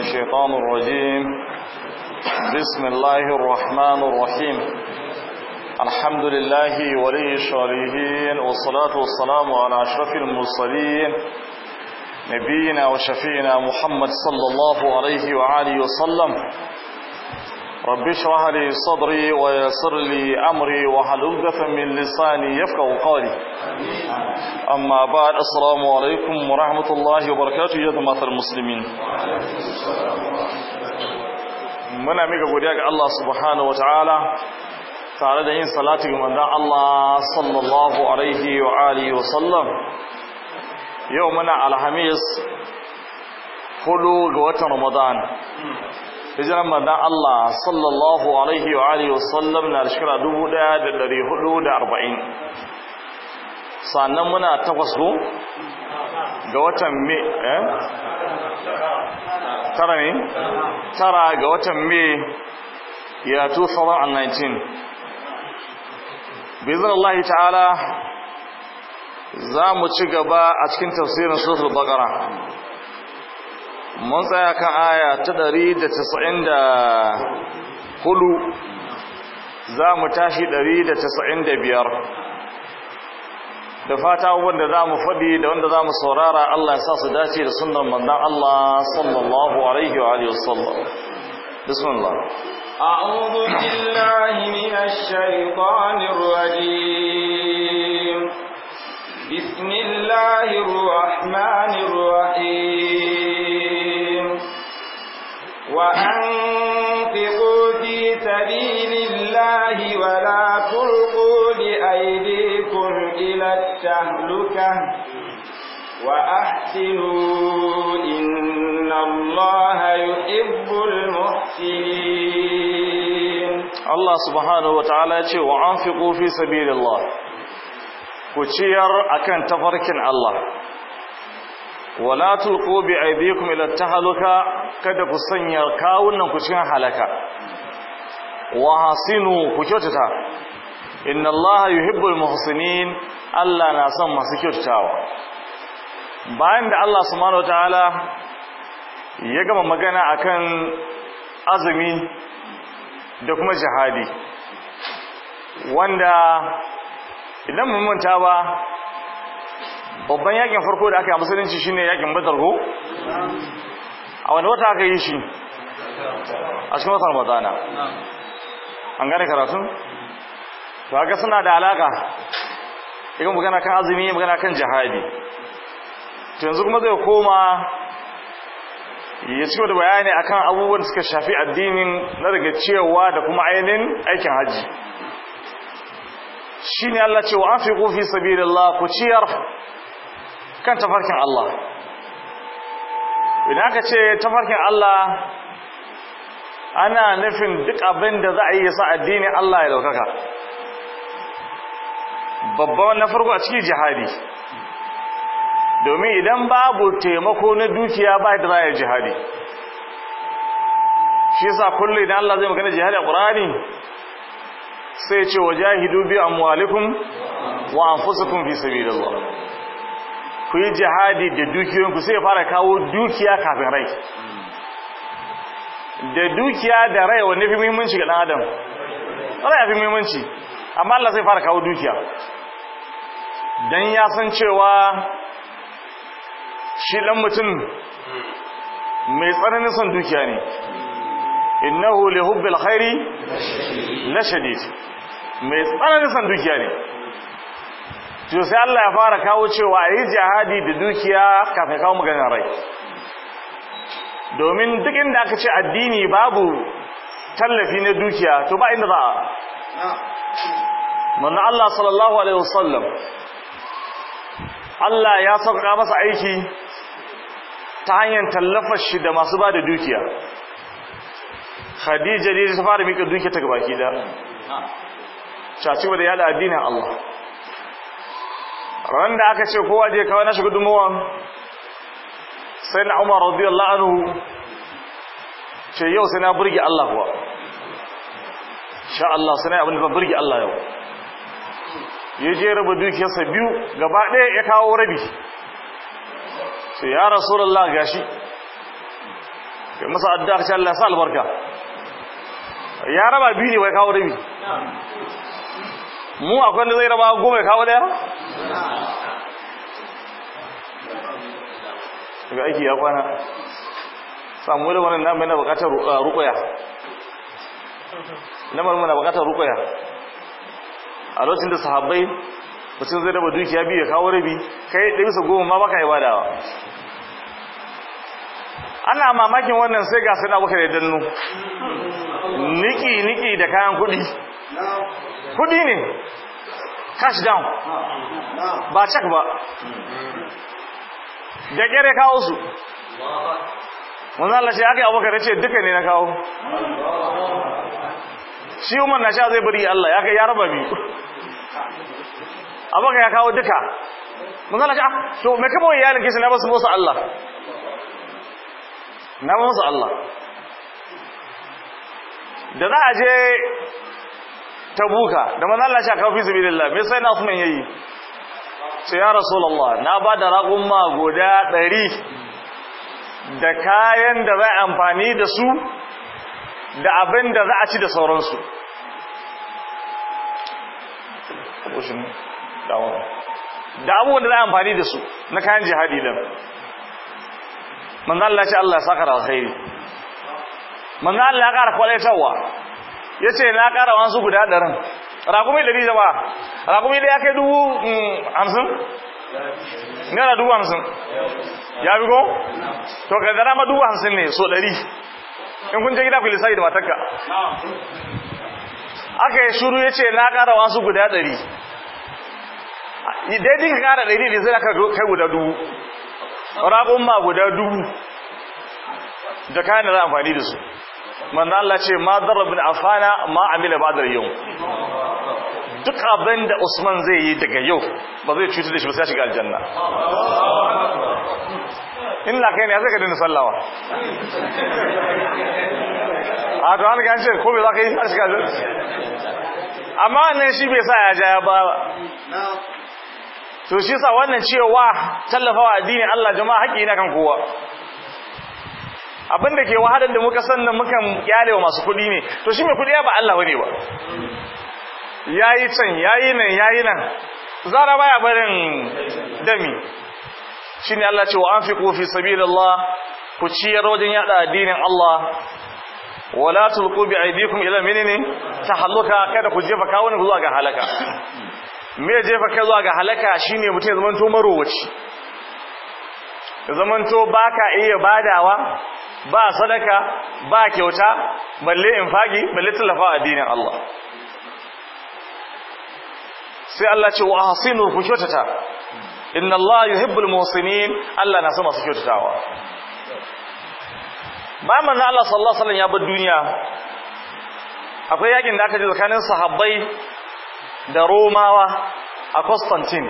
الشيطان الرجيم بسم الله الرحمن الرحيم الحمد لله ولي الشالحين والصلاة والسلام على أشرف المرسلين نبينا وشفينا محمد صلى الله عليه وآله وسلم رب اشرح لي صدري ويسر لي امري وحل عقده من لساني يفقهوا قولي اما بعد السلام عليكم ورحمه الله وبركاته يا جماعه المسلمين من اميك غوديا الله سبحانه وتعالى tare دين yin salatu الله صلى الله عليه واله وسلم يومنا على sallam yau muna رمضان hijiran manzon Allah sallallahu alaihi wa alihi wasallam na shekara 1440 sannan muna takwas ko ga watan me eh tara ne tara ga watan me ya 2019 bizin Allah ta'ala za mu ci gaba a cikin tafsirin suratul baqara mun tsaya kan aya ta 194 za mu tashi 195 da fata wanda za mu faɗi da wanda za mu saurara Allah ya sa su dace da sunan mandan Allah sallallahu alaihi wa sallam bismillah أعوذ بالله من الشيطان الرجيم بسم الله الرحمن الرحيم وأنفقوا في سبيل الله ولا تلقوا بأيديكم إلى التهلكة وأحسنوا إن الله يحب المحسنين الله سبحانه وتعالى وأنفقوا في سبيل الله وشير أكن تفركن الله wala tulqu bi aydikum ila tahaluka kada ku sanya kawunan ku cikin halaka wa hasinu ku kyautata inna allaha yuhibbul muhsinin Allah na son masu kyautatawa bayan da Allah subhanahu wataala ya gama magana akan azumi da kuma jihadi wanda idan mun manta ba babban yakin farko da aka yi musulunci shine yakin badar a wani wata aka yi shi a cikin watan ramadana an gane karatun to haka suna da alaka irin magana kan azumi magana kan jihadi to yanzu kuma zai koma ya cikin da bayani akan abubuwan suka shafi addinin na daga cewa da kuma ainihin aikin haji shi ne Allah ce an fi kofi sabi ku ciyar kan tafarkin Allah idan aka ce tafarkin Allah ana nufin duk abin da za a yi sa addini Allah ya daukaka babban na farko a cikin jihadi domin idan babu taimako na dukiya ba da za yi jihadi shi sa kullum idan Allah zai magana jihadi a ƙurani sai ce wa jahidu bi amwalikum wa anfusakum fi zuwa. ku yi jihadi da dukiyoyinku sai fara kawo dukiya kafin rai da dukiya da rai wanne fi muhimmanci ga adam rai fi muhimmanci amma Allah sai fara kawo dukiya dan ya san cewa shi dan mutum mai tsananin son dukiya ne innahu li khairi la shadid mai tsananin son dukiya ne to sai Allah ya fara kawo cewa a yi jihadi da dukiya kafin kawo maganar rai domin duk inda aka ce addini babu tallafi na dukiya to ba inda za a Allah sallallahu alaihi wasallam Allah ya sauƙaƙa masa aiki ta hanyar tallafar shi da masu ba da dukiya Khadija ne ta fara mika dukiya ta gabaki da caci da yada addinin Allah ran da aka ce kowa je kawai na shiga dumuwa sai na umar radiyallahu anhu ce yau sai na burge Allah kuwa sha Allah sai na abin da burge Allah yau ya je raba dukiyarsa biyu gaba ɗaya ya kawo rabi ce ya rasulullah gashi ya masa addu'a ka ce Allah sa albarka ya raba biyu ne wai kawo rabi mu akwai da zai raba goma ya kawo ɗaya Ga aiki ya kwana samu da wani namu yana bukatar uh, rukwaya namar mana bukatar rukwaya a lokacin da sahabbai mutum zai raba dukiya biyu ya kawo rabi kai ɗari su goma ma baka yi badawa ana mamakin wannan sai ga suna abokan da dannu niki niki da kayan kuɗi kuɗi ne cash down ba cak ba da ya kawo su wanzu Allah ce aka yi abokan race duka ne na kawo shi umar na sha zai bari Allah ya kai ya raba biyu abokan ya kawo duka wanzu Allah ah, to me kama wa iyalin kisa na basu musu Allah na basu Allah da za a je ta buka da manzo Allah ya kafi fi sabilillah me sai na Usman yayi sai ya rasulullah na ba da ma goda 100 da kayan da zai amfani da su da abin da za a ci da sauransu da abubuwan da za a amfani da su na kayan jihadi da manzo Allah ya ce Allah ya saka da alkhairi manzo Allah ya ƙara kwalaitawa ya ce na ƙara wansu guda ɗarin raƙumi ɗari jama'a raƙumi ɗaya kai dubu mm, hamsin naira dubu hamsin ya bi ko to ka zara ma dubu hamsin ne so ɗari in kun je gida ku lissafi da matakka aka yi shuru ya ce na ƙara wansu guda ɗari daidai ka ƙara ɗari ne zai aka kai guda dubu raƙon ma guda dubu da kayan da za amfani da su manzo Allah ce ma darra bin afana ma amila ba'da yau duk abin da Usman zai yi daga yau ba zai cutar da shi ba sai shiga aljanna in la kai ne zai ka dinga sallawa a to an gance ko bai za ka yi har shiga aljanna amma nan shi bai sa ya ja ya ba to shi sa wannan cewa tallafawa addini Allah jama'a haƙi na kan kowa abin da ke wahalar da muka sannan mukan kyale wa masu kuɗi ne to shi mai kuɗi ya ba Allah wani ba Ya yi can ya yi nan ya yi nan zara baya barin dami ne Allah ce wa an fi Allah ku ciyar wajen yada addinin Allah wala tulqu bi aydikum ila menene tahalluka kada ku jefa ne zuwa ga halaka me jefa kai zuwa ga halaka shine mutum zaman to marowaci zaman to baka iya badawa ba sadaka ba kyauta balle in fagi balle tallafa addinin Allah sai Allah ce wa ahsinu ku kyautata inna Allah yuhibbul muhsinin Allah na so masu kyautatawa bayan manzo Allah sallallahu alaihi wasallam ya bar duniya akwai yakin da aka ji tsakanin sahabbai da Romawa a Constantine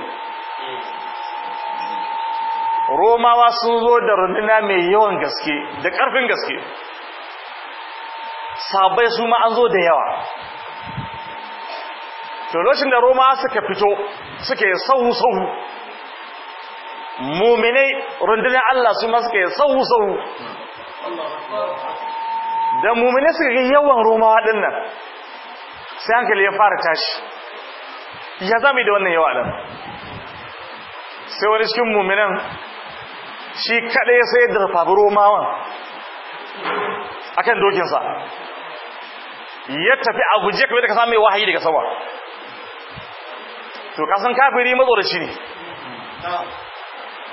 romawa sun zo da runduna mai yawan gaske da ƙarfin gaske sabai su ma an zo da yawa to lokacin da romawa suka fito suka yi sahu-sahu muminai rundunar Allah su ma suka yi sahu-sahu da muminai suka yi yawan romawa din nan sai hankali ya fara tashi ya zama da wannan yawa ɗin sai wani cikin muminan shi kaɗai ya sayar da rafafi romawan kan dokinsa ya tafi a guje kamar da ka samu wahayi daga sama to kasan kafiri matsoraci ne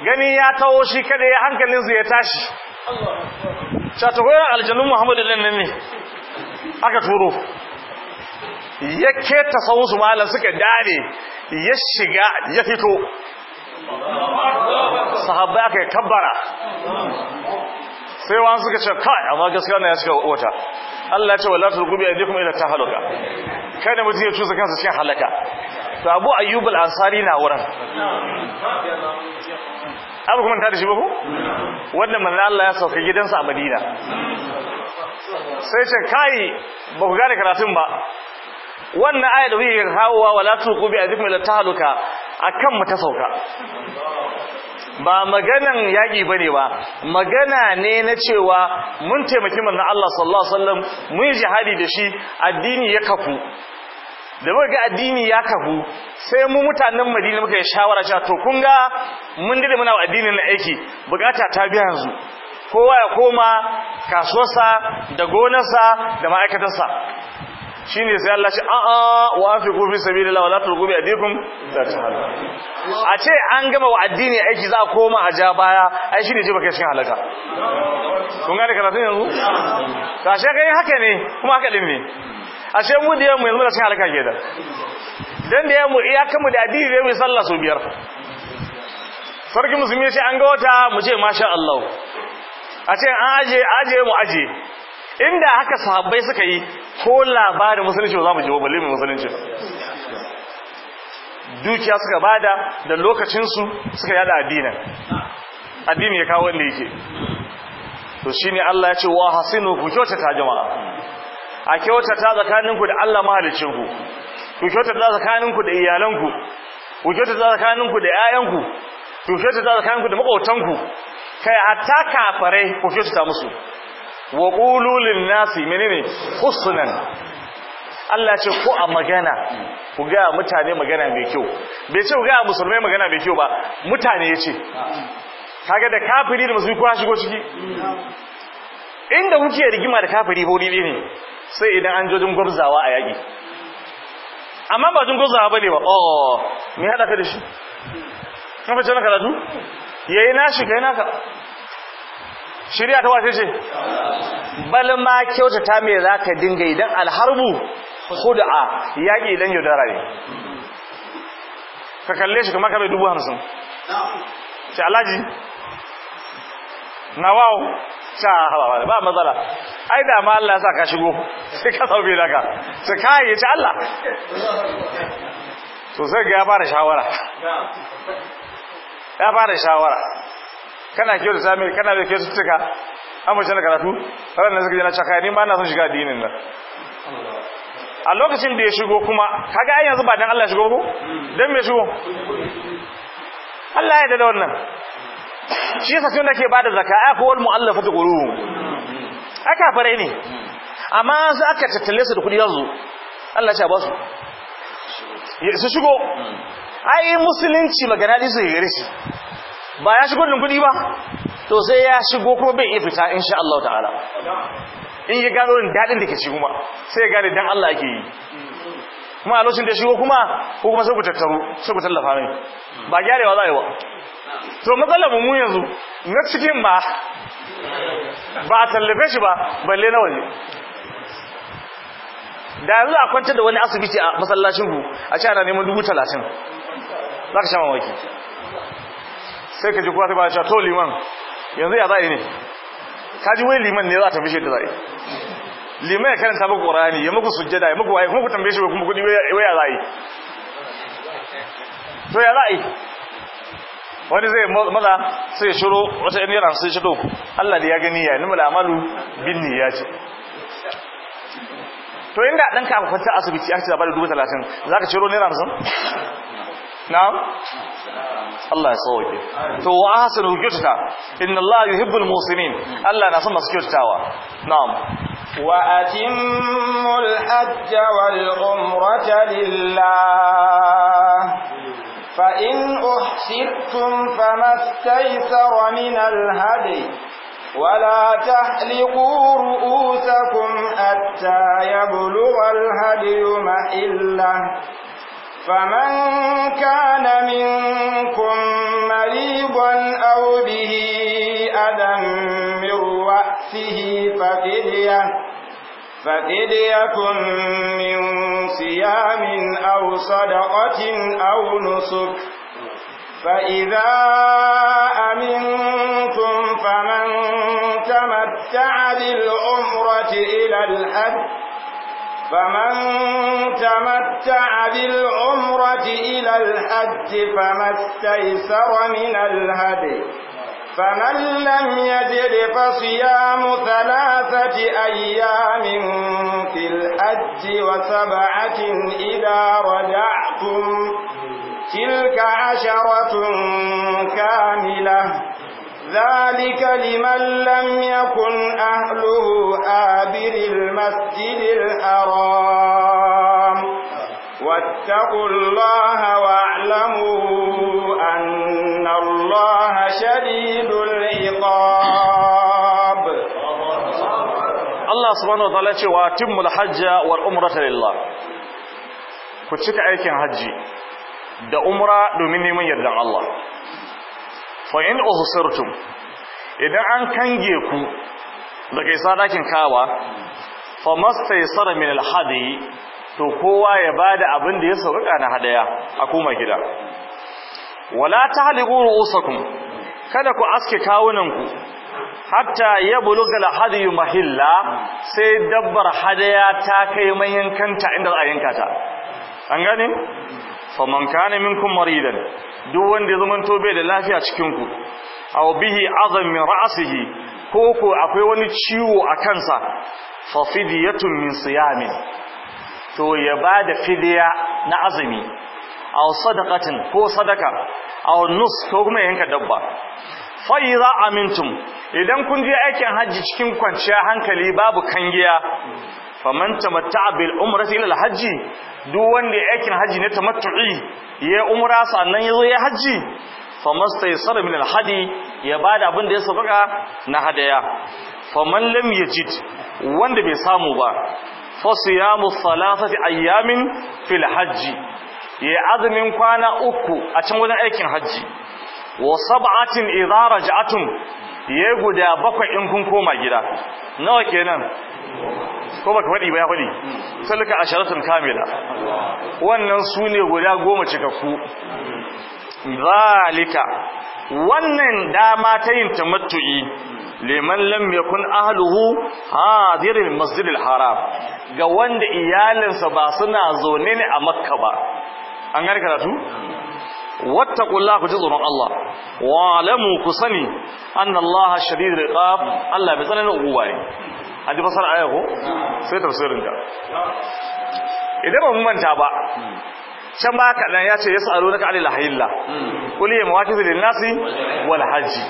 gani ya tawo shi kaɗai hankalinsu ya tashi shatagoyar aljanun muhammadu lannan ne aka turo ya keta sauransu malar suka dare ya shiga ya fito Sahabba ya kai tabbara sai wani suka ce kai amma gaskiya na ya shiga wata Allah ya ce wala gubi aidikum ila tahaluka ne mutum ya cusa kansa cikin halaka to Abu Ayyub al-Ansari na wurin abu kuma ta da shi ba ku wannan manzo Allah ya sauka gidansa a Madina sai ce kai ba ku gane karatun ba wannan aya da kuke hawa wala tuqu bi azikum la tahluka akan mu ta sauka ba maganan yaki bane ba magana ne na cewa mun taimaki manzon Allah sallallahu alaihi wasallam mun jihadi da shi addini ya kafu da muka ga addini ya kafu sai mu mutanen Madina muka yi shawara cewa to kun ga mun dade muna addinin na aiki bukata ta biya yanzu kowa ya koma kasuwarsa da gonarsa da ma'aikatarsa ne sai Allah shi a'a wa afiqu fi sabilillah wa la tulqu ta aydikum a ce an gama wa addini aiki za a koma a ja baya ai ne je baka cikin halaka kun gane karatun yanzu to ashe yi haka ne kuma haka ɗin ne ashe mu da yamu yanzu da cikin halaka ke da don da yamu ya kama da addini da yamu sallah su biyar sarki musulmi sai an ga wata mu ce masha Allah a ce an aje aje mu aje inda haka sahabbai suka yi ko labarin musulunci ba za mu ji ba balle mu musulunci dukiya suka bada da lokacinsu suka yada addinin addini ya kawo wanda yake to ne Allah ya ce wa hasinu ku ta jama'a a kyautata tsakaninku da Allah mahalicinku ku kyautata tsakaninku da iyalanku ku kyautata tsakaninku da ƴaƴanku ku kyautata tsakaninku da maƙotanku kai a taka kafarai ku kyautata musu wa qulu nasi menene husnan Allah ce ko a magana ku ga mutane magana mai kyau bai ce ku ga musulmai magana mai kyau ba mutane yace kaga da kafiri da musulmi kowa shigo ciki inda kuke rigima da kafiri ba wuri ne sai idan an jojin gwabzawa a yaki amma ba jin gwabzawa bane ba oh me hada ka da shi na fice na karatu yayi na shiga yana ka shirya ta wace ce bal ma kyautata me zaka dinga idan alharbu khud'a yaƙi idan yaudara ne ka kalle shi kamar ka bai dubu hamsin ce alhaji na wawo sha hawa ba matsala ai da ma Allah ya sa ka shigo sai ka sauke daga su kai ya ci Allah Sosai sai ga ya fara shawara ya fara shawara kana kyau da sami kana da kyau tuka an mace na karatu ranar da suka jana caka ni ma na son shiga addinin nan a lokacin da ya shigo kuma kaga ai yanzu ba dan Allah shigo ko dan me shigo Allah ya dada wannan shi yasa sai nake bada zakka ai ko wal mu'allafatu quluhum aka fare ne amma su aka tattale su da kudi yanzu Allah ya ba su su shigo ai musulunci magana dai su gare shi ba ya shigo da kuɗi ba to sai ya shigo kuma bai iya fita insha Allah ta'ala in ya gano din dadin da ke ci kuma sai ya gane dan Allah yake yi kuma a lokacin da shigo kuma ko kuma sai ku tattaru sai ku tallafa mai ba gyarewa za a yi ba to matsalar mu yanzu na cikin ba ba a tallafe shi ba balle na waje da yanzu a kwantar da wani asibiti a masallacin ku a ce ana neman dubu talatin za ka sha mamaki sai ka ji kuwa ta ba cewa to liman yanzu ya za'i ne ka ji wai liman ne za ta bishe da za'i liman ya karanta muku qur'ani ya muku sujjada ya muku waye kuma ku tambaye shi kuma kudi wai ya za'i to ya za'i wani zai maza sai shiro wata yan yana sai shiro Allah da ya gani ya nima amalu bin ya ce to inda ɗanka a kwanta asibiti an ci ba da talatin za ka shiro naira 50 na'am Allah ya sauke to wa ahsanu kyutata inna Allah yuhibbul muslimin Allah na son masu kyautatawa na'am wa atimul hajj wal umrata lillah fa in uhsirtum famastaysara min al hadi ولا تحلقوا رؤوسكم حتى يبلغ الهدي محله فمن كان منكم مريضا أو به أذى من رأسه ففدية ففدية من صيام أو صدقة أو نسك فإذا أمنتم فمن تمتع بالعمرة إلى الحج فمن تمتع بالعمرة إلى الحج فما استيسر من الهدي فمن لم يجد فصيام ثلاثة أيام في الحج وسبعة إذا رجعتم تلك عشرة كاملة ذلك لمن لم يكن أهله آبر المسجد الحرام واتقوا الله واعلموا أن الله شديد العقاب الله سبحانه وتعالى واتم الحج والأمرة لله ku cika aikin حجي da umra domin neman yardan Allah fa in uhsirtum idan an kange ku daga isa dakin kawa fa mastaysara min alhadi to kowa ya bada abin da ya sauka na hadaya a koma gida wala tahliqu ru'usakum kada ku aske kawunan ku. hatta yabluga alhadi mahilla sai dabbar hadaya ta kai mahinkanta inda za a yanka ta an gane man kana minkum maridan duk wanda ya zamanto bai da lafiya cikin ku aw bihi azam min ra'sihi ko ko akwai wani ciwo a kansa fa fidiyatun min siyamin to ya bada fidiya na azumi aw sadaqatin ko sadaka aw nus ko kuma yanka dabba fa idza amintum idan kun je aikin hajji cikin kwanciyar hankali babu kangiya faman tamatta'a bil umrati ila al hajji duk wanda aikin haji ne tamattu'i ya umra sannan yazo ya haji famastaysara min al ya bada abin da ya sabaka na hadaya faman lam yajid wanda bai samu ba fa siyamu thalathati ayamin fil hajji ya azumin kwana uku a can wajen aikin haji wa sab'atin idza raja'atum ya guda bakwai in kun koma gida nawa kenan ko baka faɗi ba ya faɗi salika asharatun kamila wannan su ne guda goma cikakku zalika wannan dama ta yin tamattu'i liman lam yakun ahluhu masjid masjidil haram ga wanda iyalinsa ba suna zaune ne a makka ba an gani karatu wattaqullaha ku ji tsoron Allah wa lamu ku sani annallaha shadidul iqab Allah bai tsananin uba an ji fasar aya ko sai ka idan ba mu manta ba can ba kaɗan ya ce ya sa'aru na ka'alil hailla kuli ya mawaki zilin nasi wal hajji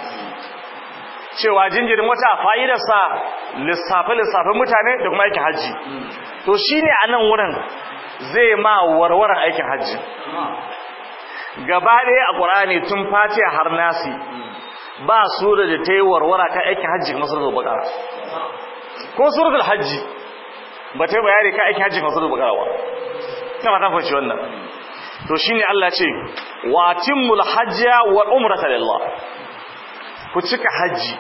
cewa jinjirin wata fa'idarsa lissafe-lissafen mutane da kuma aikin hajji to shine anan a nan wurin zai ma warware aikin hajji gaba ɗaya a ƙwarani tun face har nasi ba su da ta yi warwara ta aikin hajji ga da bakara ko suratul hajji ba ta bayani ka aiki hajji kan suratul baqara ba kama ta ci wannan to shine Allah ce wa timmul hajja wa umrata lillah ku cika hajji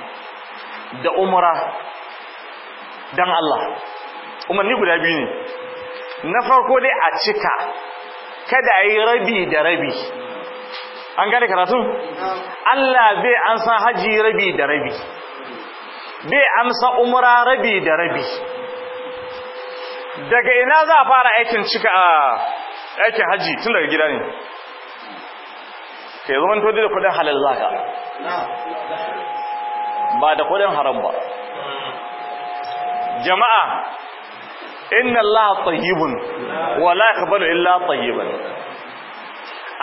da umra dan Allah umarni guda biyu ne na farko dai a cika kada ayi rabi da rabi an gane karatu Allah zai an san haji rabi da rabi bai amsa umra rabi da rabi daga ina za a fara aikin cika a aikin haji tun daga gida ne ke zaman to da kudin halal zaka ba da kudin haram ba jama'a inna allaha tayyibun wa la yaqbalu illa tayyiban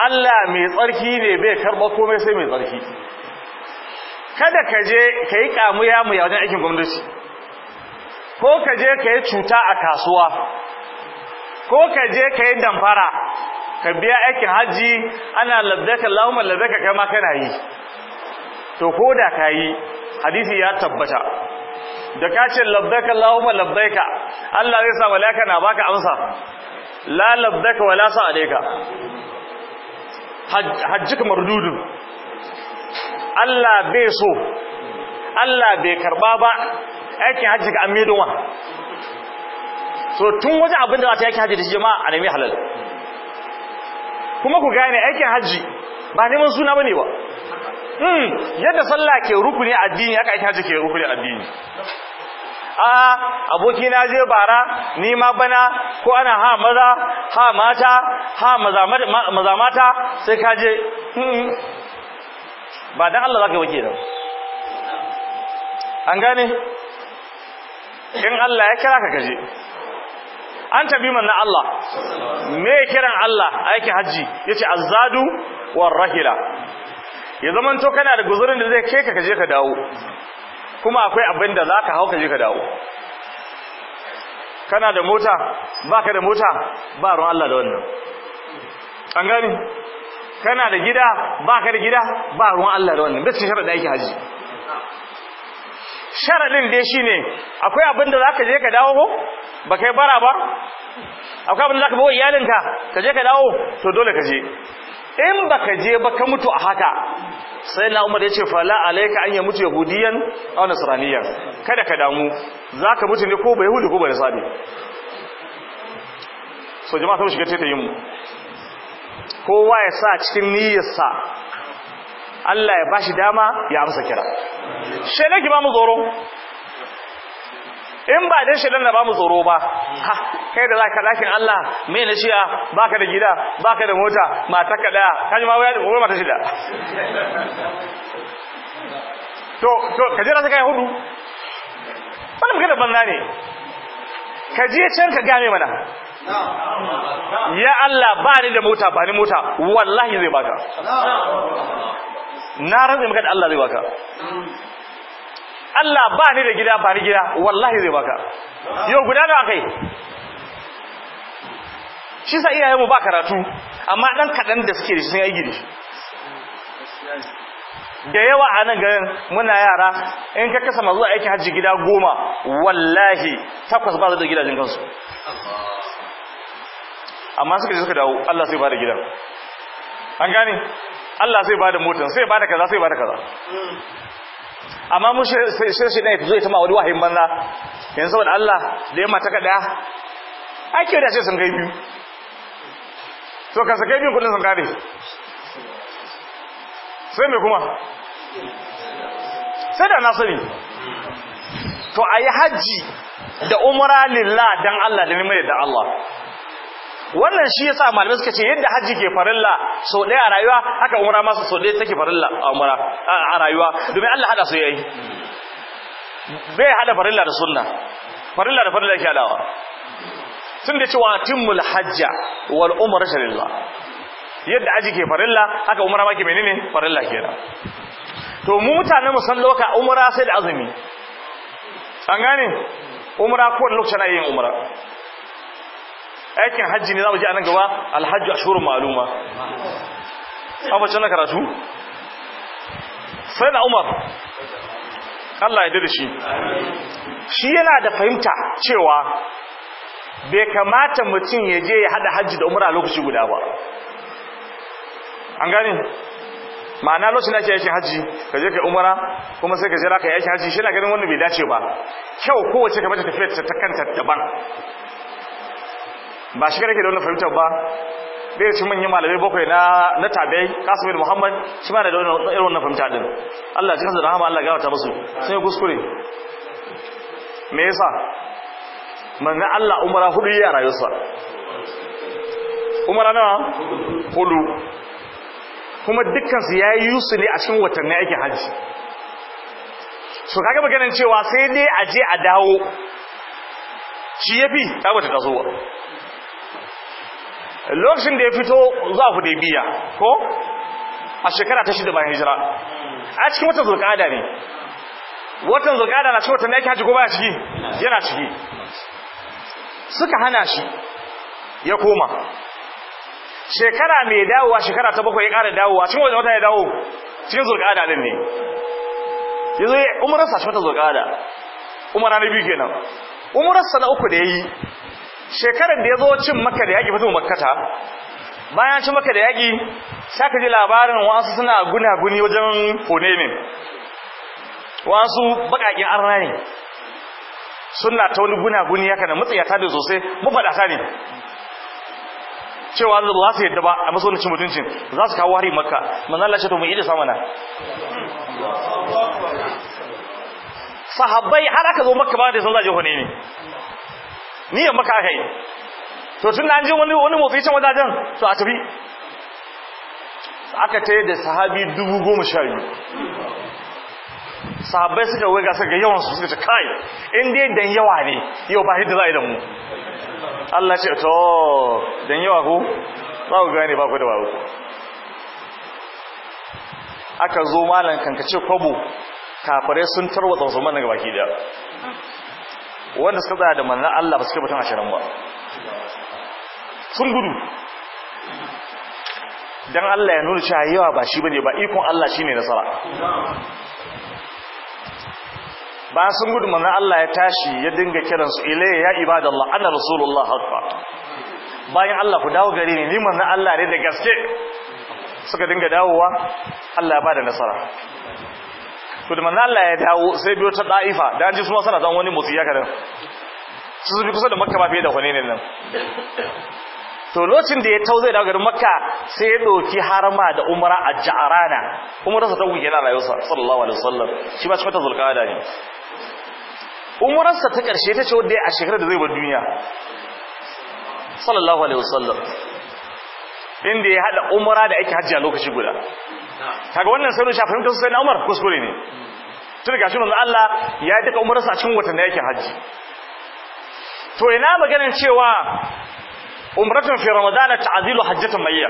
Allah mai tsarki ne bai karba komai sai mai tsarki kada ka je ka yi kamuya mu wajen aikin gwamnati ko ka je ka yi cuta a kasuwa ko ka je ka yi damfara ka biya aikin hajji ana labdaka lahumma labdaka kai ma kana yi to ko da ka yi hadisi ya tabbata da ka ce labdaka lahumma labdaka Allah zai sa malaka na baka amsa la labdaka wala hajji hajjuka mardudun Allah bai so Allah bai karba ba aikin hajji ga amidunwa so tun wajen abin da za ta yakin hajji da shi jama'a a nemi halal kuma ku gane aikin hajji ba neman suna bane ba hmm, yadda sallah ke rukuni addini aka aikin hajji ke rukuni addini a aboki na je bara ni ma bana ko ana ha maza ha mata ha maza mata sai ka je hmm, ba dan Allah zaka yi wake nan an gane in Allah ya kira ka kaje an tabi man na Allah me kiran Allah aiki haji yace azadu war rahila ya zaman to kana da guzurin da zai kai ka kaje ka dawo kuma akwai abin da zaka hau kaje ka dawo kana da mota baka da mota ba ruwan Allah da wannan an gane kana da gida ba ka da gida ba ruwan Allah da wannan duk da yake haji sharaɗin dai shine akwai abin da za ka je ka dawo ko ba kai bara ba akwai abin da za ka bawa iyalinka ka je ka dawo to dole ka je in ba ka je ba ka mutu a haka sai na umar ya ce fala alaika an ya mutu yahudiyan a saraniyar kada ka damu za ka mutu ne ko ba yahudi ko ba sabi so jama'a ta shiga ta yi mu kowa ya sa cikin niyyarsa Allah ya bashi dama ya amsa kira shele ki ba mu tsoro in ba dan shele na ba mu tsoro ba ha kai da zaka dakin Allah me ne ciya baka da gida baka da mota mata ka daya kaji ma waya ko goma ta shida to to kaje na saka hudu wannan magana banza ne Ka je can ka game mana ya Allah ba ni da mota ba ni mota wallahi zai baka na rantsa maka da Allah zai baka Allah ba ni da gida ba ni gida wallahi zai baka yau guda da akai shi sa iyayenmu mu ba karatu amma dan kadan da suke da shi sun yi gidi da yawa a nan garin muna yara in ka kasa mazuwa aikin hajji gida goma wallahi takwas ba da gidajen kansu amma suka je suka dawo Allah sai ba da gidan an gane Allah sai ba da motan sai ba da kaza sai ba da kaza amma mun sai shi zai ta zo ita ma wani wahayin banza yanzu saboda Allah da yamma ta kaɗa ake da sai sun kai biyu to ka sakai biyu kullun sun kare sai mai kuma sai da na sani to a yi hajji da umra lillah dan Allah da neman da Allah wannan shi yasa malamai suka ce yadda haji ke farilla so ɗaya a rayuwa haka umra masu so ɗaya take farilla a umra a rayuwa domin Allah hada su yayi bai hada farilla da sunna farilla da farilla yake hadawa tun da cewa timmul hajja wal umrata lillah yadda haji ke farilla haka umra ma ke menene farilla kenan to mu mutane mu san loka umara sai da azumi an gane umra ko lokacin ayin umara. aikin hajji ne za mu ji nan gaba alhajju ashurun ma'luma amma bacin na karatu sai na umar Allah ya dada shi shi yana da fahimta cewa bai kamata mutum ya je ya hada hajji da umara lokaci guda ba an gani ma'ana lokacin da ke yakin hajji ka je kai umara kuma sai ka je ka yakin hajji shi na ganin wannan bai dace ba kyau kowace kamata tafiya ta kanta daban ba shi kake da wannan fahimtar ba bai ci manyan malamai bakwai na na tabi'ai Qasim bin Muhammad shi ma da irin wannan fahimta din Allah ya kansa da rahama Allah ya gafarta musu sai kuskure me yasa manzon Allah umara hudu ya rayuwarsa umara nawa hudu kuma dukkan su yayi yusu ne a cikin watanni aikin haji so kaga maganin cewa sai dai aje a dawo shi yafi tabbata tasowa lokacin da ya fito zuwa hudaybiya ko a shekara ta shida bayan hijira a cikin watan zulqa'ada ne watan zulqa'ada na cikin watan da yake haji ko baya ciki yana ciki suka hana shi ya koma shekara mai dawowa shekara ta bakwai ya ƙara dawowa cikin wajen wata ya dawo cikin zulƙada din ne ya zo umarar sa shi wata zulƙada na biyu kenan umarar sa na uku da ya yi shekarar da ya zo cin maka da yaƙi fito makkata bayan cin maka da yaƙi sai ka ji labarin wasu suna guna guni wajen fone ne wasu baƙaƙen arna ne suna ta wani gunaguni haka da matsayata da sosai mafaɗata ne cewa za su yadda ba a wani cin mutuncin za su kawo hari makka manzan lashe to mu iya samana sahabbai har aka zo makka ba da sun zaje hune ne Ni maka aka yi to tun da an je wani wani mafi can wajajen to a tafi aka ta da sahabi dubu goma sha biyu sahabai suka wai gasar ga yawansu suka ce kai in dai dan yawa ne yau ba hidda za a yi da mu Allah ce to dan yawa ku ba ku gane ba ku da ba ku, aka zo malan kankace kwabo kafare sun tarwata musulman gaba ke da. wanda suka tsaya da manzan Allah ba su batun ashirin ba sun gudu don Allah ya nuna cewa yawa ba shi bane ba ikon Allah shi ne nasara ba sun gudu manzan Allah ya tashi ya dinga kiransu ilayya ya ibadallah ana rasulullah haka bayan Allah ku dawo gari ni ni manzan Allah ne da gaske suka dinga dawowa Allah ya bada nasara to da Allah ya dawo sai biyo ta da'ifa da ji su sana dan wani motsi ya nan su bi kusa da makka ba fiye da kwane ne nan to lokacin da ya tau zai dawo garin makka sai ya doki harama da umara a ja'arana sa ta gugu yana rayuwarsa sallallahu alaihi wasallam shi ba shi mata zulqa'ada ne Umaransa ta karshe ta ce wadda a shekarar da zai bar duniya sallallahu alaihi wasallam inda ya hada umara da ake hajji a lokaci guda kaga wannan sanin shi fahimtar sai na Umar kuskure ne tun da gashi manzo Allah ya yi duka umarsa a cikin watan da yake haji to ina maganin cewa umratun fi ramadan ta'zilu hajjatan mayya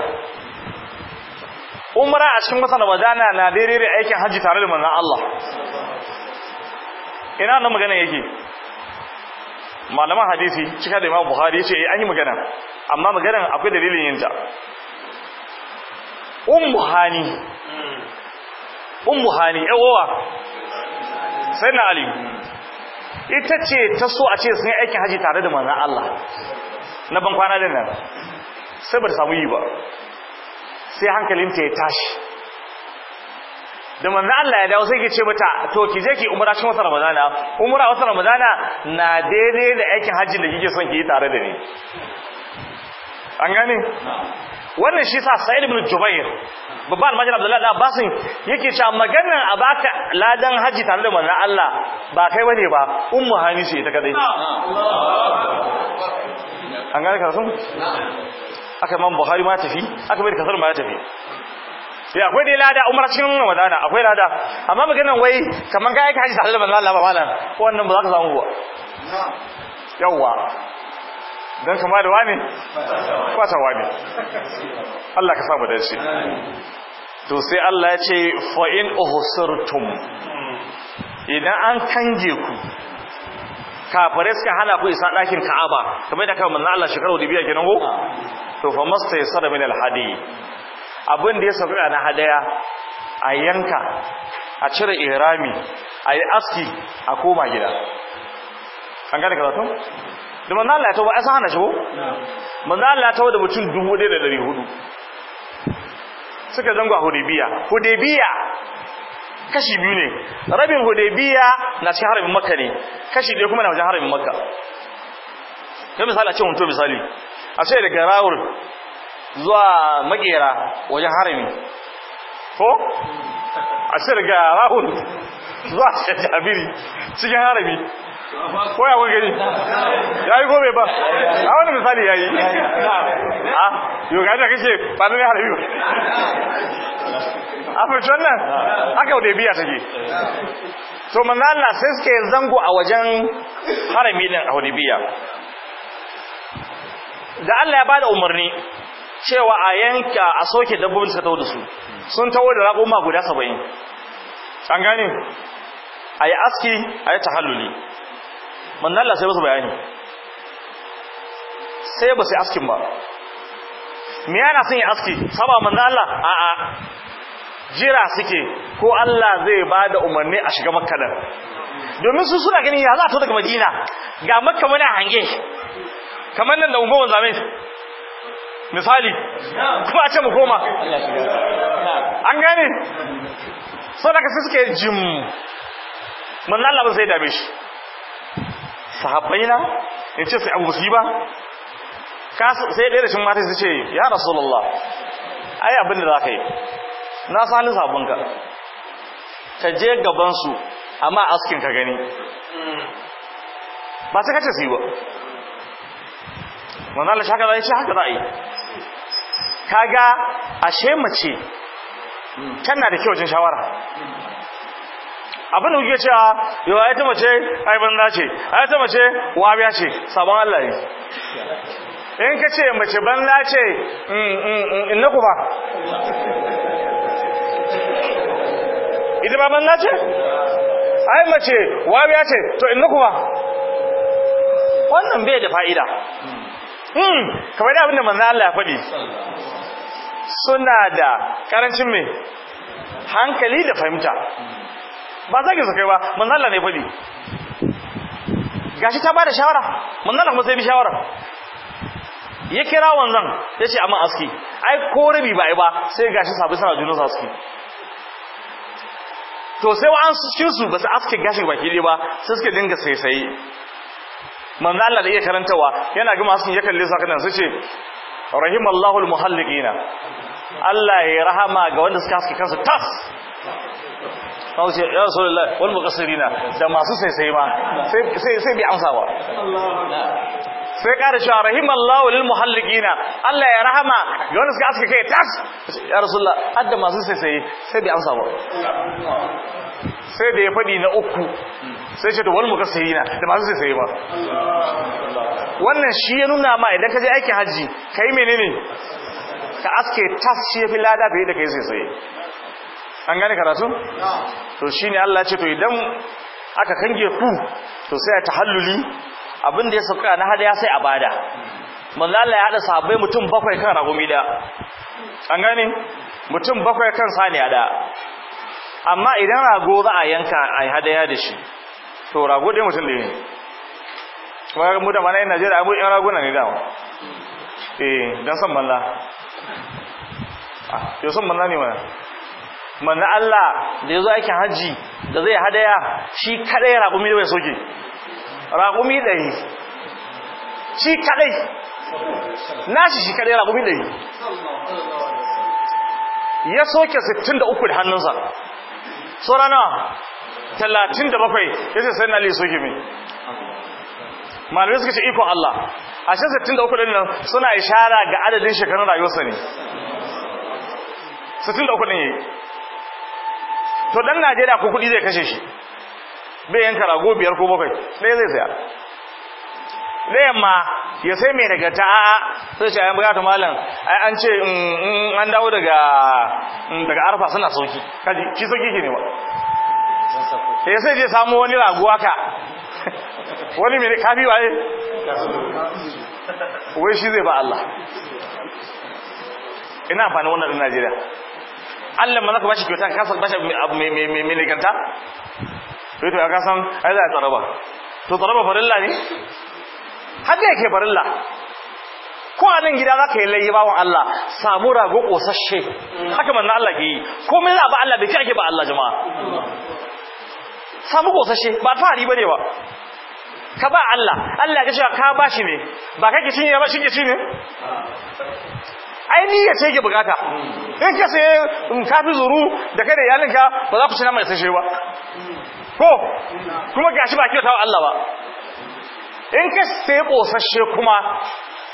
umra a cikin watan ramadan na daidai aikin haji tare da manzo Allah ina nan maganin yake malaman hadisi cika da imamu Buhari yace eh, an yi magana amma maganar akwai dalilin yinta ummu hani ummu hani yawowa sai na ita ce ta so a ce sun yi aikin haji tare da manzan Allah na ban kwana da nan sai bar samu yi ba sai hankalinta ya tashi da manzan Allah ya dawo sai ke ce mata to ki je ki umara cikin wata ramadana umara wata ramadana na daidai da aikin haji da kike son ki yi tare da ni an gane wannan shi sa sa'id ibn jubair babban majal abdullahi da basin yake cewa maganar a baka ladan haji tare da manzon Allah ba kai bane ba ummu hanisi ita ta kadai an gane ka sun aka man buhari ma tafi aka bai kasar ma tafi sai eh, akwai dai lada umar cikin ramadana akwai lada amma maganar wai kaman ga yake haji tare da manzon Allah ba wannan ba za ka samu ba yawwa don kama da wane kwatawa ne Allah ka samu da shi to sai Allah ya ce fa'in ohusartum idan an kange ku kafare suka hana ku isa ɗakin ka'aba kamar da kama manna Allah shekaru da biya kenan ko to fa masta ya sada min alhadi abin da ya a na hadaya a yanka a cire irami a yi aski a koma gida an gane karatun da manzan Allah ya tawo a san hana shi ko manzan Allah ya tawo da mutum 1400 suka zango a Hudaybiya Hudaybiya kashi biyu ne rabin Hudaybiya na cikin harbin Makka ne kashi biyu kuma na wajen harbin Makka kai misali a ce hunto misali a ce daga Rawul zuwa Makera wajen harami ko a ce daga Rawul zuwa shajabiri cikin harami ko ya kun gani ya yi gobe ba a wani misali ya yi a yau ga yadda kashe fadin ya harbi ba a fi wannan aka wadda biya take so manzo Allah sai suke zango a wajen harami din a biya. da Allah ya bada umarni cewa a yanka a soke dabbobin suka tawo da su sun tawo da raƙuma guda saba'in. an gane yi aski a ta tahalluli manna Allah sai masa bayani sai ba sai askin ba me yana son ya aski saba manna Allah a a jira suke ko Allah zai ba da umarni a shiga makka domin su suna ganin ya za ta daga madina ga makka muna hange kamar nan da ungowan zame misali kuma a ce mu koma an gane sau da ka suke jim manna Allah ba zai dame shi sahabbai na in ce sai abu su yi ba sai ɗaya da shi mata su ce ya rasulallah ai abin da za ka yi na sani sabonka ka je gabansu amma askin ka gani ba sai kace su yi ba wanda Allah shaka zai ce haka za a yi kaga ashe mace tana da kyau jin shawara abin da kuke cewa yau ai ta mace ai banza ce ai ta mace wabiya ce sabon Allah ne in ka ce mace banza ce mm, mm, mm, in na ku ba ita ba banza ce ai mace wabiya ce to in na ku ba wannan bai da fa'ida hmm, kamar da abin da manzan Allah ya faɗi suna da ƙarancin mai hankali da fahimta ba zagi su kai ba manzo Allah ne fadi gashi ta bada shawara manzo Allah kuma sai bi shawara ya kira wanzan ya ce amma aski ai ko rabi ba ai ba sai gashi sabu sana junan aski to sai wa an cikin su ba su aske gashin baki ne ba sai suke dinga sai sai manzo Allah da iya karantawa yana gama askin ya kalle sa kana sai ce rahimallahu almuhalliqina Allah ya rahama ga wanda suka aski kansu tas kawo ce ya rasu lalla wani makasirina da masu sai sai ma sai bi amsa ba sai ƙara cewa rahim Allah wa lil muhallikina Allah ya rahama ga wanda suka aske kai tas ya rasu lalla adda masu sai sai sai bi amsa ba sai da ya faɗi na uku sai ce da wani na da masu sai sai ba wannan shi ya nuna ma idan ka je aikin hajji ka yi menene ka aske tas shi ya fi lada fiye da kai sai sai an gane karatu to shi ne Allah ce to idan aka kange ku to sai a tahalluli abinda ya sauka na hada ya sai a bada manzo Allah ya hada sahabbai mutum bakwai kan ragumi da an gane mutum bakwai kan saniya da amma idan rago za a yanka a hadaya da shi to rago dai mutum da ne kuma mu da mana yin Najeriya abu yan na ne dawo eh dan san malla ah yo san malla ne mana manzo Allah da ya zo aikin haji da zai hadaya shi kadai raƙumi da bai soke raƙumi ɗari shi kadai nashi shi kadai raƙumi ɗari ya soke 63 da hannunsa saura nawa 37 ce sai na li soke mai malamai suka ce ikon Allah a shi 63 din nan suna ishara ga adadin shekarun rayuwarsa ne 63 din yayi to dan najeriya ko kuɗi zai kashe shi bai yanka rago biyar ko bakwai ɗaya zai saya ɗayan ma ya sai mai daga ta sai ce ayan bukatu malam ai an ce mm, mm, an dawo daga mm, daga arfa suna sauki kaji shi sauki ke ne ba ya sai je samu wani raguwa ka wani mai kafi waye wai shi zai ba Allah ina amfani wannan din Najeriya Allah ma zaka bashi kyautan kasar bashi abu mai mai mai liganta to to ka san ai za a tsaraba to tsaraba farilla ne haka yake farilla ko a nan gida za ka yi layi bawon Allah samu rago ƙosashe haka manna Allah ke yi komai za ba Allah bai kike ba Allah jama'a samu ƙosashe ba ta ba ne ba ka ba Allah Allah ya ce ka bashi ne ba kake cinye ba shi ke Aini ya ce ke bukata in ka ka kafi zuru da kai da iyalinka ba za ku ci nama sashe ba ko kuma gashi ba kyauta wa Allah ba in ka saye kosasshe kuma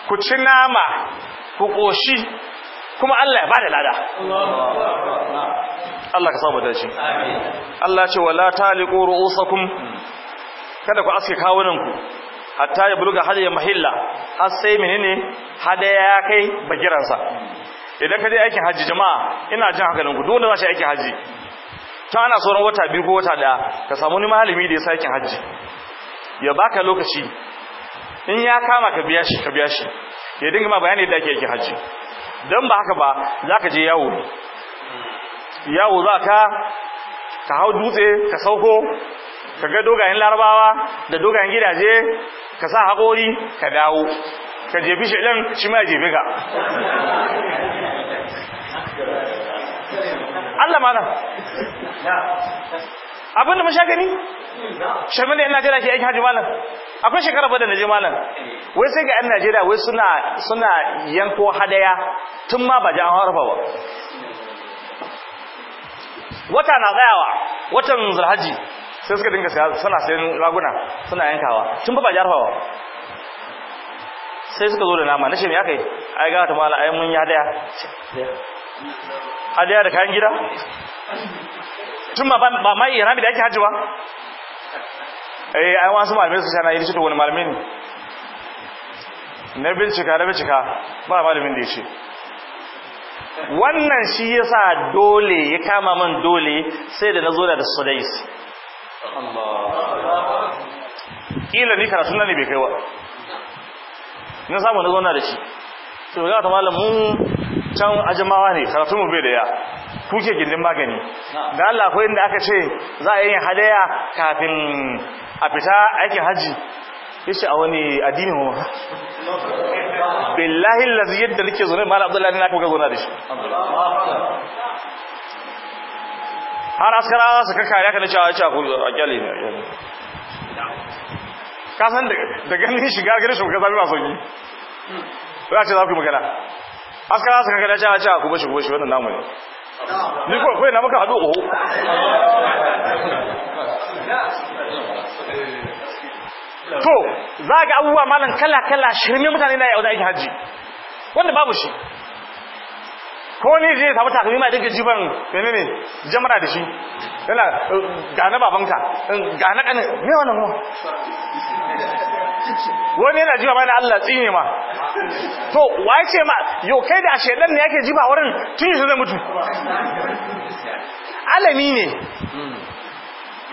ku ci nama ku koshi kuma Allah ya bada lada Allah ka saba da shi Allah ce wala taliqu ru'usakum kada ku aske kawunanku hatta ya buluga hada ya mahilla har sai menene hada ya kai bagiransa idan ka je aikin haji jama'a ina jin nan ku dole za shi aikin haji ta ana sauran wata biyu ko wata daya ka samu ni malami da ya sa aikin haji ya baka lokaci in ya kama ka biya shi ka biya shi ya dinga ma bayani da ake aikin haji don ba haka ba za ka je yawo yawo za ka hau dutse ka sauko ka ga dogayen larabawa da dogayen gidaje ka sa haƙori ka dawo ka jefi shi ɗan shi ma jefi ka Allah malam abin da shaka gani sharmin da yan najeriya ke aiki hajji malam akwai shekara bada na je malam wai sai ga yan najeriya wai suna suna yanko hadaya tun ma ba ji an harfa ba wata na tsayawa watan zulhaji sai suka dinga siya suna sayan raguna suna yankawa sun ba ba jarfawa sai suka zo da nama na shemi aka yi ai ga ta mala ai mun ya daya hadaya da kayan gida tun ba ba mai yana da ake hajji ba eh ai wasu malamai su sana yi shi to wani malami ne na bincika na bincika ba malamin da ya ce wannan shi yasa dole ya kama man dole sai da na zo da sudais kila ni karatun nan ne bai kai ba na samu na zauna da shi to ga ta malam mu can ajamawa ne karatun mu bai da ya kuke gindin magani da Allah akwai inda aka ce za a yi hadaya kafin a fita aikin haji yace a wani addini mu billahi allazi yadda rike zo ne malam abdullahi ne aka ga zo na da shi har za su kaka ya na cewa ya ce a kyale ne ka san da ganin shiga ganin shugaba zabi ba sauki ba ce za ku yi magana za su kaka ya ce a ku bashi kuma shi wannan namu ne ni ko ko na maka hadu oho to za ga abubuwa malam kala kala shirme mutane na da aiki hajji wanda babu shi ko ne je samu takalmi ma dinka jiban menene jamara da shi yana eh, ga na babanka eh, ga na kanin me wannan mu wani yana jiba bayan Allah tsine ma to wai ce ma yo kai da shedan ne yake jiba wurin tun shi zai mutu alami ne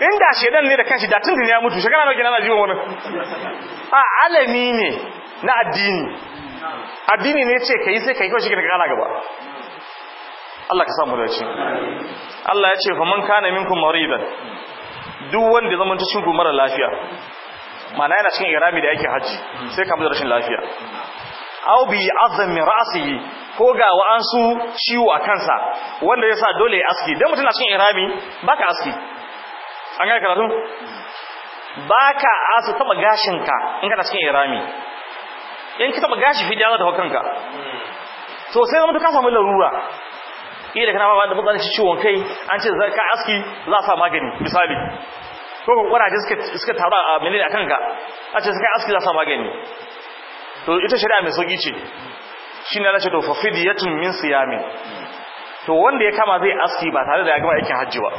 inda shedan ne da kanshi da tun ya mutu shekara nawa kenan ana jiba wurin. a alami ne na addini addini ne ce kai sai kai kawai shi ka kara gaba Allah ka samu dace Allah ya ce fa man kana minkum maridan duk wanda zaman ta cikin mara lafiya mana yana cikin irami da yake haji sai ka da rashin lafiya aw bi azami ra'sihi ko ga wa an su ciwo a kansa wanda yasa dole ya aski dan mutuna cikin irami baka aski an ga karatu baka asu taba gashin ka in kana cikin irami in ka taba gashi fidiya da ta kanka to sai zama ka samu larura kila kana ba da mutane ciwon kai an ce zarka aski za a sa magani misali ko wani suka suka taru a menene akan ka a ce suka aski za a sa magani to ita shari'a mai sauki ce shi Allah ce to fa fidyatun min siyamin to wanda ya kama zai aski ba tare da ya gama aikin hajji ba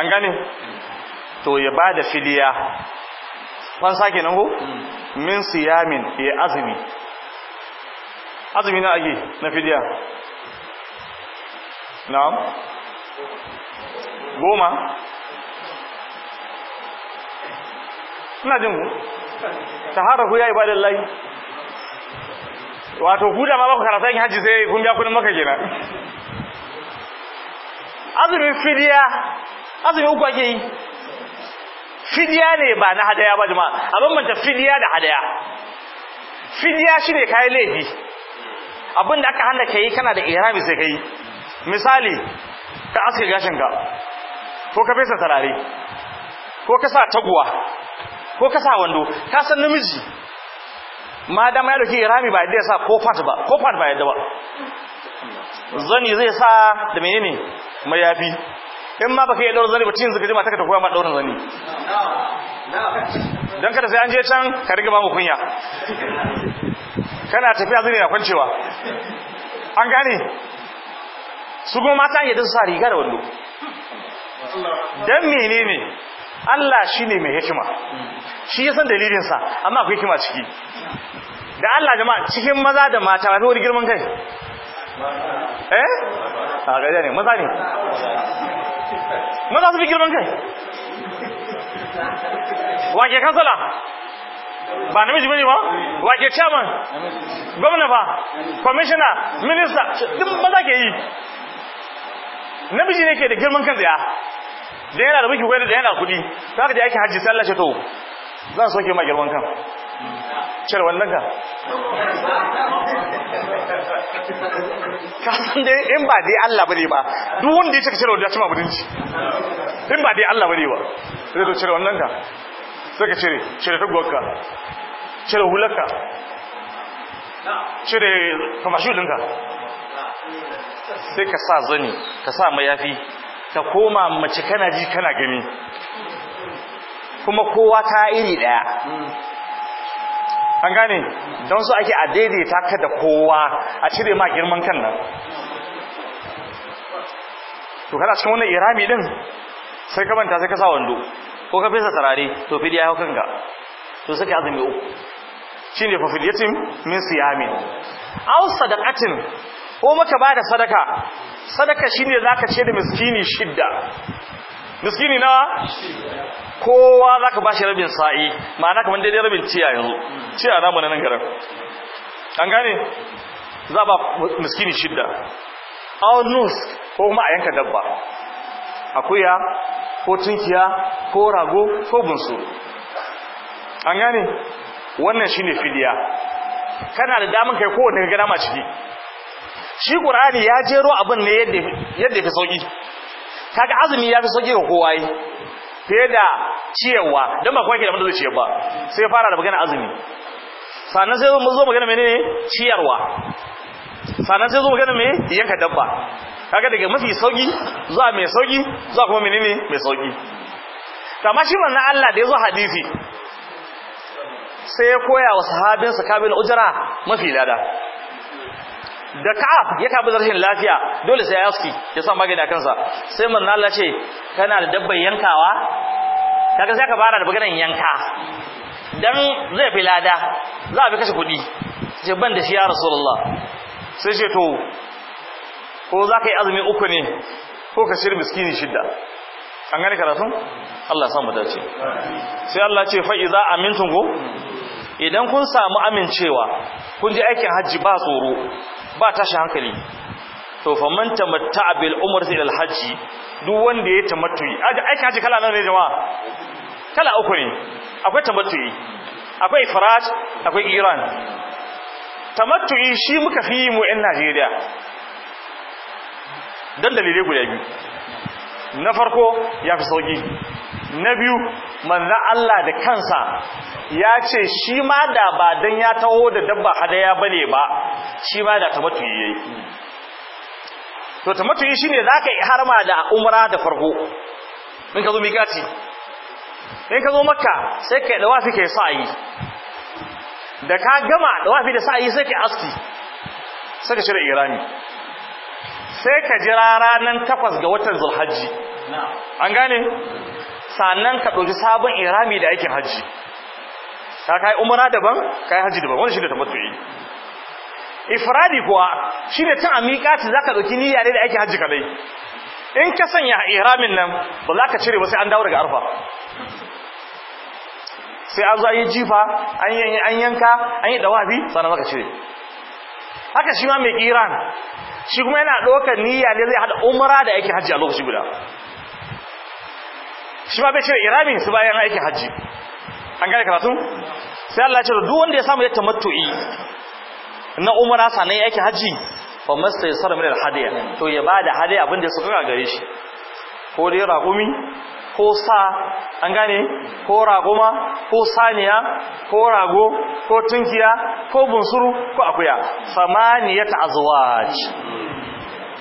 an gane to ya bada fidiya sake nan ko hmm. min siyamin ya azumi azumi na age na fidiya na'am goma ina jin ku yayi ya ibadallahi wato ku da ma ba ku karatu yin haji sai kun biya kudin maka kenan azumin fidiya azumin uku ake yi fidiya ne ba na hadaya ba jama'a abin manta fidiya da hadaya fidiya shine kayan laifi abin da aka hana yi kana da ihrami sai ka yi misali ka aske gashinka ko ka fesa tarare ko ka sa taguwa ko ka sa wando ka san namiji ma dama ya dauki irami ba yadda ya sa ko fat ba ko fat ba yadda ba zani zai sa da menene mayafi in ma baka yi daurin zani ba cin zaka jima taka ta koya ma daurin zani dan kada sai an je can ka riga ba mu kunya kana tafiya zani na kwancewa an gane su kuma mata yadda su sa riga da wando dan menene Allah shi ne mai hikima shi ya san dalilin sa amma akwai hikima ciki da Allah jama'a cikin maza da mata ba wani girman kai eh a gaja ne maza ne maza su fi girman kai wake kansala ba namiji bane ba wake chairman gwamna ba commissioner minister duk maza ke yi namiji ne ke da girman kan tsaya da yana da miki gwani da yana kudi za ka je ake hajji sallah ce to zan soke ma girman kan cire wannan ka kasan dai in ba dai Allah bane ba duk wanda ya cika cire wannan ya ci ma mutunci in ba dai Allah bane ba sai to cire wannan ka sai ka cire cire tagwarka cire hulaka cire kamashu ka. sai ka sa zani ka sa mayafi ka koma mace kana ji kana gani kuma kowa ta iri daya an gane don su ake a daidaita ka da kowa a cire ma girman kan nan to kana cikin wannan irami din sai ka manta sai ka sa wando ko ka fesa tarare to fidi ya hau kanka to sai ka azumi uku shine fa fidiyatin min siyami aw sadaqatin ko maka bada da sadaka sadaka shine zaka ce da miskini shidda miskini nawa kowa zaka bashi rabin sa'i ma'ana kamar daidai rabin ciya yanzu ciya mana nan garan an gane za ba miskini shidda aw nus ko kuma a yanka dabba akuya ko tunkiya ko rago ko bunsu an gane wannan shine fidiya kana da damin kai kowanne ga dama ciki shi qur'ani ya jero abin ne yadda yadda fi sauki kaga azumi ya fi sauki ga kowa yi fiye da ciyarwa don ba kowa ke da mutum ba sai fara da magana azumi sannan sai zo magana menene ciyarwa sannan sai zo magana me yanka dabba kaga daga mafi sauki zuwa mai sauki zuwa kuma menene mai sauki kama shi manna Allah da ya zo hadisi sai ya koya wa sahabinsa kabil ujra mafi lada da ka ya kabi rashin lafiya dole sai ya aski ya san magani a kansa sai manzo Allah ce kana da dabbar yankawa kaga sai ka fara da maganar yanka dan zai fi lada za a fi kashe kuɗi sai ban da shi ya rasulullah sai ce to ko za ka yi azumi uku ne ko ka shir miskini shidda an gani karatun Allah samu dace sai Allah ce fa'iza amintun go idan kun samu amincewa kun ji aikin hajji ba tsoro ba tashi hankali to fa man tamatta bil umr ila al hajj duk wanda ya tamattu'i Aika haji kala nan ne jama'a kala uku ne akwai tamattu'i akwai ifrat akwai iran tamattu'i shi muka fi mu ɗan Najeriya dan dalilai guda biyu na farko ya fi sauki na biyu manzan Allah da kansa ya ce shi ma da ba dan ya taho da dabba hadaya bane ba shi ma da ya yi. to shi ne za ka yi harma da umra da farko in ka zo miƙati in ka zo makka sai kai da wafi yi sa'ayi da ka gama da wafi da sa'i sai kai aski sai ka shirya irami sai ka jira ranar takwas ga watan zulhajji an gane sannan ka ɗauki sabon irami da aikin hajji ka kai umara daban kai haji daban wannan shine tamattu'i ifradi kuwa shine tun a miƙati zaka dauki niyya ne da ake haji kadai in ka sanya ihramin nan ba za ka cire ba sai an dawo daga arfa sai an zo an yi jifa an yanka an yi dawabi sannan za ka cire haka shi ma mai kiran shi kuma yana ɗaukar niyya ne zai haɗa umara da ake hajji a lokaci guda shi ma bai cire ihramin su bayan aikin hajji an gane karatu sai Allah ya ce duk wanda ya samu ya tamattu'i na umara sanai yake haji fa masta yasar min alhadiya to ya bada hadiya abin da suka gare shi ko dai ragumi ko sa an gane ko raguma ko saniya ko rago ko tunkiya ko bunsuru ko akuya samaniyata azwaj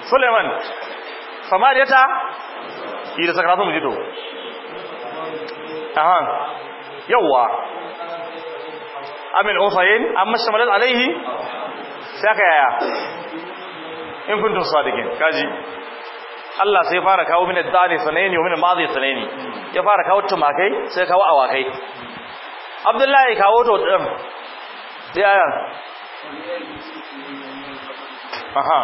Suleiman samaniyata yi da sakaratun jito ahan yawwa amin ofayin an mashamalar alaihi sai aka yaya in kuntun sadikin kaji Allah sai fara kawo mini dani sanaini mini mazi sanaini ya fara kawo tumakai sai kawo awakai Abdullahi kawo to din ɗayan. aha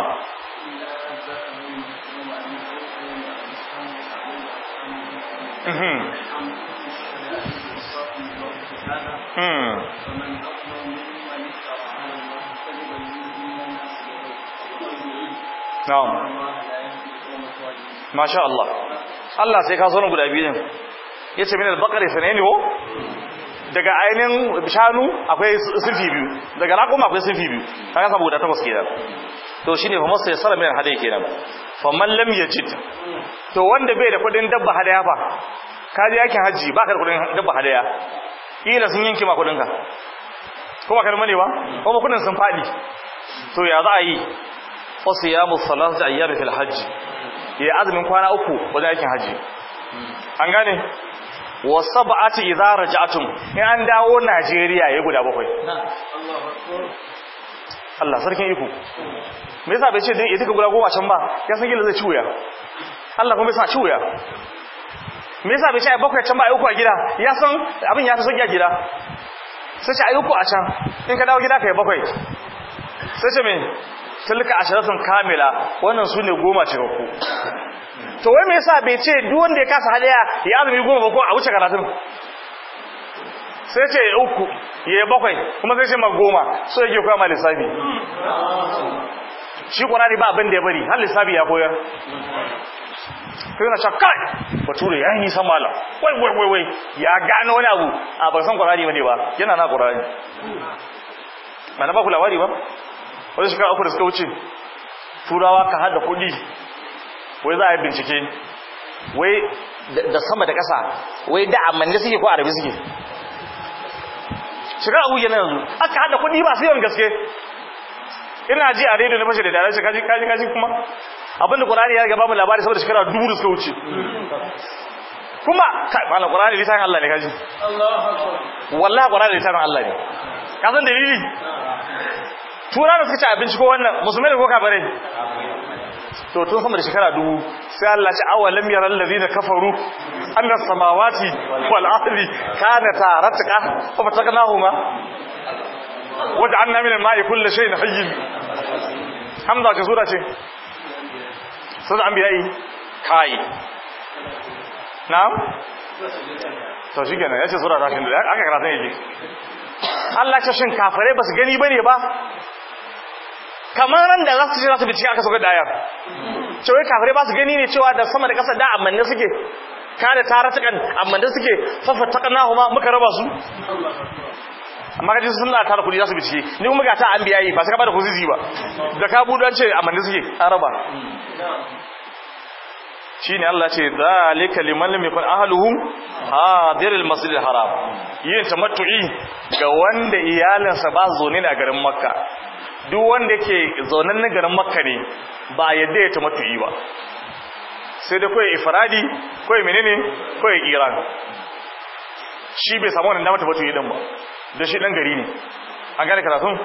mhm Hmm. Na'am. Masha Allah. Allah sai ka sanar guda biyu din. Yace min al ne ne wo? Daga ainihin shanu akwai sifi biyu, daga raƙuma akwai sifi biyu. Kaga samu ta takwas kenan. To shine fa masa yasara min hadai kenan. Fa man lam yajid. To wanda bai da kudin dabba hadaya fa. Ka ji yakin haji baka da kudin dabba hadaya. kila sun yanke ma kudinka ko ba karmane ba ko kudin sun fadi to ya za a yi wa siyamu salat ayyam fil hajj ya azumin kwana uku wajen aikin haji an gane wa sab'ati idza raja'tum in an dawo Najeriya ya guda bakwai Allah sarkin iko me yasa bai ce dan ita ka guda goma can ba ya san gila zai ci Allah kuma bai sa ci wuya me yasa bai ce ayyuka bakwai can ba ayyuka uku a gida ya san abin ya fi a gida sai ce ayyuka uku a can in ka dawo gida ka yi bakwai sai ce me tilka asharatun kamila wannan su ne goma cikakku to wai me yasa bai ce duk wanda ya kasa hadaya ya azumi goma ba ko a wuce karatun sai ce uku ya bakwai kuma sai ce ma goma so yake koya ma lissafi shi ƙwararri ba abin da ya bari har lissafi ya koyar kai na cewa kai bature ya yi nisan malam wai wai wai wai ya gano wani abu a ban san qur'ani ne ba yana na qur'ani ba na ba ku labari ba wani shi uku da suka wuce turawa ka hada kuɗi wai za a yi bincike wai da sama da ƙasa wai da amanni suke ko arabi suke shekara abu yana yanzu aka hada kuɗi ba su yawan gaske ina ji a rediyo na fashe da dalar shi kaji kaji kuma abinda qur'ani ya gaba mu labari saboda shekara dubu da suka wuce kuma kai malam qur'ani lisan Allah ne kaji Allahu akbar wallahi qur'ani lisan Allah ne ka san dalili tura da suka ci abinci ko wannan musulmai da ko kafare to tun sama da shekara dubu sai Allah ce awalam yaral ladina kafaru anna samawati wal ardi kanata ratqa fa fataknahuma waj'alna min al-ma'i kulli shay'in hayy hamza ka sura ce sun anbiya'i kai na'am to shi kenan ya ce sura rashin da aka karata yake Allah ce shin kafare ba su gani bane ba kamar nan da za su ce za su aka sauka da ayar cewa kafare ba su gani ne cewa da sama da ƙasa da amanne suke kada taratukan amanne suke fafa taqnahuma muka raba su amma kaji sun lata da kudi za su bincike ni kuma ga ta an biya yi ba su ka bada kuzizi ba da ka budu an ce amanni suke araba ne Allah ce zalika liman lam yakun ahluhu hadiril masjidil haram yin tamattu'i ga wanda iyalansa ba zaune ne a garin makka duk wanda ke zaunan ne garin makka ne ba yadda ya tamattu'i ba sai da koyi ifradi koyi menene koyi iran shi bai samu wannan dama matu'i dan ba da shi dan gari ne an gane karatun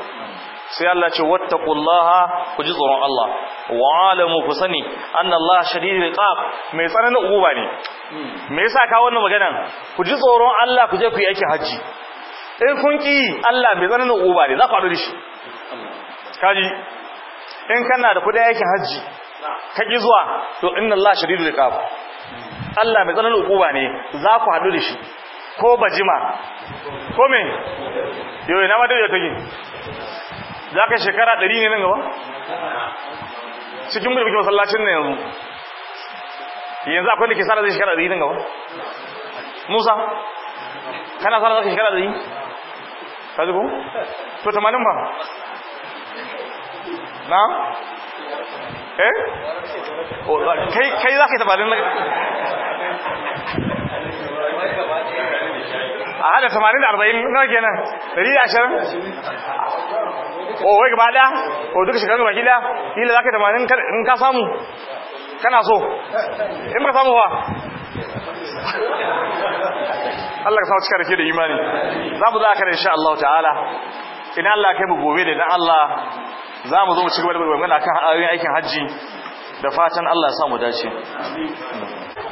sai Allah ce wattaqullaha ku ji tsoron Allah wa alamu ku sani annallaha shadidul iqab mai tsananin uquba ne me yasa ka wannan magana ku ji tsoron Allah ku je ku yi aikin haji in kun ki Allah mai tsananin uquba ne za ku haɗu da shi kaji in kana da kudin aikin haji ka ki zuwa to innallaha shadidul iqab Allah mai tsananin uquba ne za ku haɗu da shi ko bajima ko me yau ina ma dai take za ka shekara ɗari ne nan gaba cikin mulki masallacin ne yanzu yanzu akwai da ke sara zai shekara ɗari nan gaba musa kana sara da shekara ɗari ka ji ko to tamanin ba na eh kai za ka yi tamanin a hada tamanin da arba'in nawa kenan dari da ashirin o wai gaba ɗaya o duka shekaru gaba gida ila za ka tamanin in ka samu kana so in ka samu wa Allah ka samu cika da ke da imani za mu za ka da insha Allah ta'ala ina Allah kai mu gobe da idan Allah za mu zo mu cigaba da magana kan ayoyin aikin hajji da fatan Allah ya samu dace